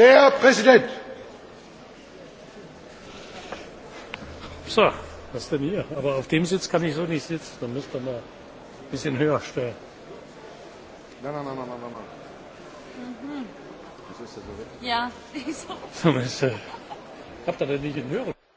herr Präsident! So, was ist denn hier? Aber auf dem Sitz kann ich so nicht sitzen. Da müsste man ein bisschen höher stellen. Nein, nein, nein, nein, nein, nein. Mhm. Das ist ja so. Ja, wieso? Ich hab da denn nicht in Hören.